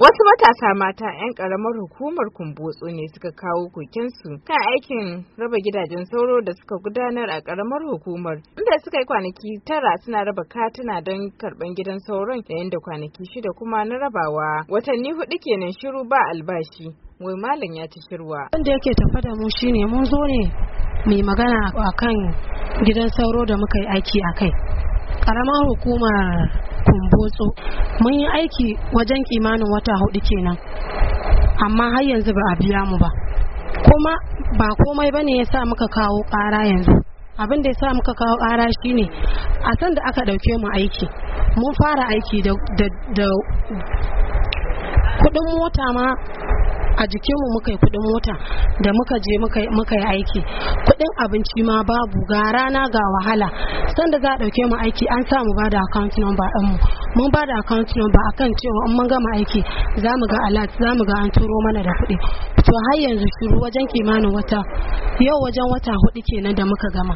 Wasu matasa mata 'yan ƙaramar hukumar kumbotso ne suka kawo kokensu kan aikin raba gidajen sauro da suka gudanar a ƙaramar hukumar inda suka yi kwanaki tara suna raba katina don karɓan gidan sauron yayin da kwanaki shida kuma na rabawa watanni hudu kenan shiru ba albashi wai malam ya ci shirwa. Wanda yake tafa da mu shine mun zo ne mai magana akan gidan sauro da muka yi aiki a kai. Ƙaramar hukumar kumbotso mun yi aiki wajen kimanin wata hudu kenan amma har yanzu ba a biya mu ba kuma ba komai bane ya sa muka kawo ƙara yanzu abin da ya sa muka kawo kara shine a san da aka ɗauke mu aiki mun fara aiki da kudin mota ma a jikinmu muka yi kuɗin mota da muka je muka yi aiki kuɗin abinci ma babu ga rana ga wahala sanda za a ɗauke mu aiki an sa mu bada account number mu mun bada account number akan cewa in mun gama aiki za mu ga alert za mu ga an turo mana da kuɗi to har yanzu shiru wajen kimanin wata yau wajen wata hudu kenan da muka gama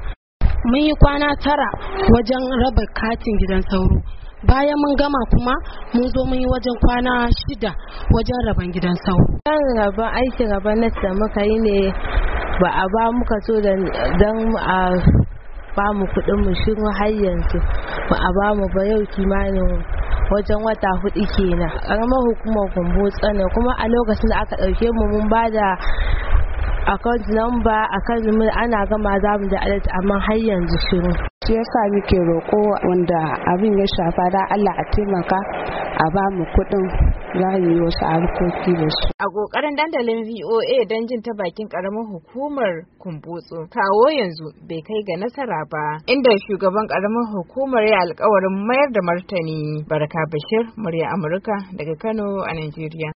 mun yi kwana tara wajen raba katin gidan sauro bayan mun gama kuma mun zo mun yi wajen kwana shida wajen raban gidan sau kan raban aikin raban na da muka yi ne ba a ba muka so don a ba mu kuɗin mu shi har yanzu ba a ba mu ba yau kimanin wajen wata hudu kenan ƙaramar hukumar gumbo tsanin kuma a lokacin da aka ɗauke mu mun ba da account number akan ana gama zamu da alert amma har yanzu shiru shi yasa muke roƙo wanda abin ya shafa da Allah a taimaka a ba mu kuɗin za mu yi wasu harkoki da su. A ƙoƙarin dandalin VOA don jin ta bakin ƙaramin hukumar kumbutsu kawo yanzu bai kai ga nasara ba inda shugaban ƙaramin hukumar ya alkawarin mayar da martani. Baraka Bashir, murya Amurka daga Kano a Najeriya.